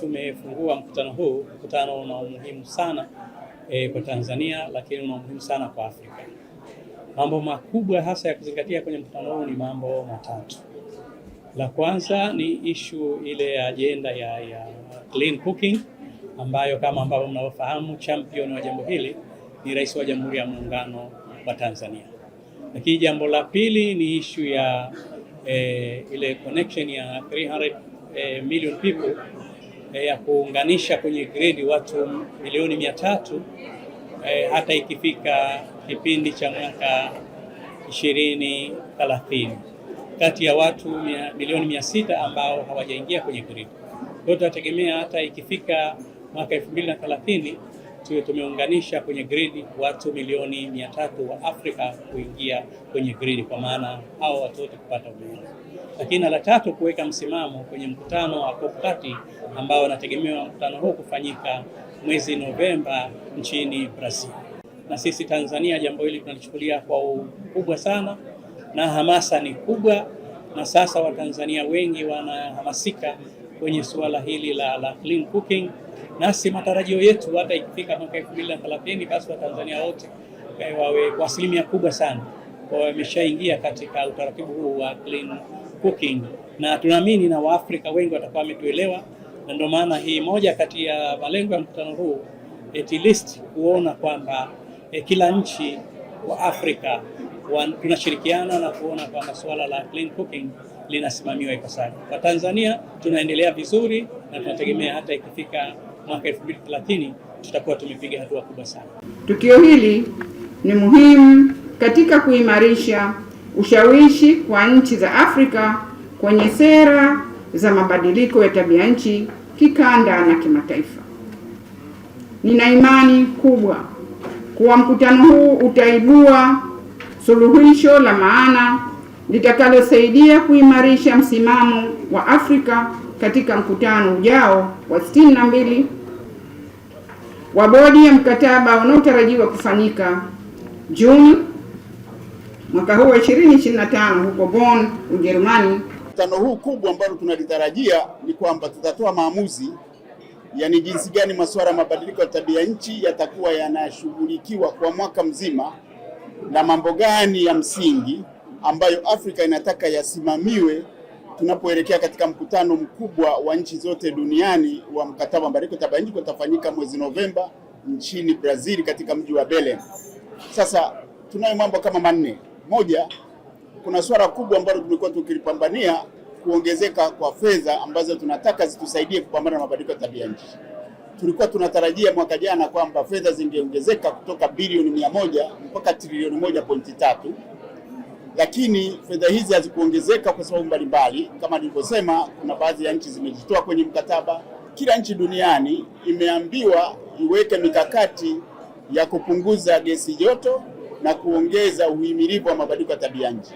tumefungua mkutano huu, mkutano una umuhimu sana e, kwa Tanzania lakini una umuhimu sana kwa Afrika. Mambo makubwa hasa ya kuzingatia kwenye mkutano huu ni mambo matatu. La kwanza ni ishu ile ajenda ya, ya clean cooking ambayo kama ambavyo mnavyofahamu champion wa jambo hili ni Rais wa Jamhuri ya Muungano wa Tanzania. Lakini jambo la pili ni ishu ya eh, ile connection ya 300 eh, million people eh, ya kuunganisha kwenye gridi watu milioni mia tatu eh, hata ikifika kipindi cha mwaka ishirini thelathini kati ya watu mia, milioni mia sita ambao hawajaingia kwenye gridi. Kwa hiyo tunategemea hata ikifika mwaka elfu mbili na thelathini tuwe tumeunganisha kwenye gridi watu milioni mia tatu wa Afrika kuingia kwenye gridi, kwa maana hao watu wote kupata umeme. Lakini na la tatu, kuweka msimamo kwenye mkutano wa COP30 ambao unategemewa mkutano huu kufanyika mwezi Novemba nchini Brazil. Na sisi Tanzania jambo hili tunalichukulia kwa ukubwa sana na hamasa ni kubwa, na sasa Watanzania wengi wanahamasika kwenye suala hili la, la clean cooking nasi matarajio yetu hata ikifika mwaka elfu mbili na thelathini basi Watanzania wote eh, wawe kwa asilimia kubwa sana wameshaingia katika utaratibu huu wa clean cooking, na tunaamini na Waafrika wengi watakuwa wametuelewa, na ndio maana hii moja kati ya malengo ya mkutano huu at least kuona kwamba eh, kila nchi wa Afrika wa, tunashirikiana na kuona kwamba suala la clean cooking linasimamiwa ipasavyo. Kwa Tanzania tunaendelea vizuri na tunategemea hata ikifika mwaka 2030 tutakuwa tumepiga hatua kubwa sana. Tukio hili ni muhimu katika kuimarisha ushawishi kwa nchi za Afrika kwenye sera za mabadiliko ya tabia nchi kikanda na kimataifa. Nina imani kubwa kuwa mkutano huu utaibua suluhisho la maana litakalosaidia kuimarisha msimamo wa Afrika katika mkutano ujao wa 62 wa bodi ya mkataba unaotarajiwa kufanyika Juni mwaka huu 2025 huko Bonn, Ujerumani. Mkutano huu kubwa ambalo tunalitarajia ni kwamba tutatoa maamuzi yani jinsi gani masuala ya mabadiliko ya tabia nchi yatakuwa yanashughulikiwa kwa mwaka mzima na mambo gani ya msingi ambayo Afrika inataka yasimamiwe tunapoelekea katika mkutano mkubwa wa nchi zote duniani wa mkataba wa mabadiliko tabia nchi utafanyika mwezi Novemba nchini Brazil katika mji wa Belem. Sasa tunayo mambo kama manne. Moja, kuna swala kubwa ambalo tumekuwa tukilipambania kuongezeka kwa fedha ambazo tunataka zitusaidie kupambana na mabadiliko ya tabia nchi. Tulikuwa tunatarajia mwaka jana kwamba fedha zingeongezeka kutoka bilioni mia moja mpaka trilioni moja pointi tatu lakini fedha hizi hazikuongezeka kwa sababu mbalimbali. Kama nilivyosema, kuna baadhi ya nchi zimejitoa kwenye mkataba. Kila nchi duniani imeambiwa iweke mikakati ya kupunguza gesi joto na kuongeza uhimilivu wa mabadiliko ya tabia nchi.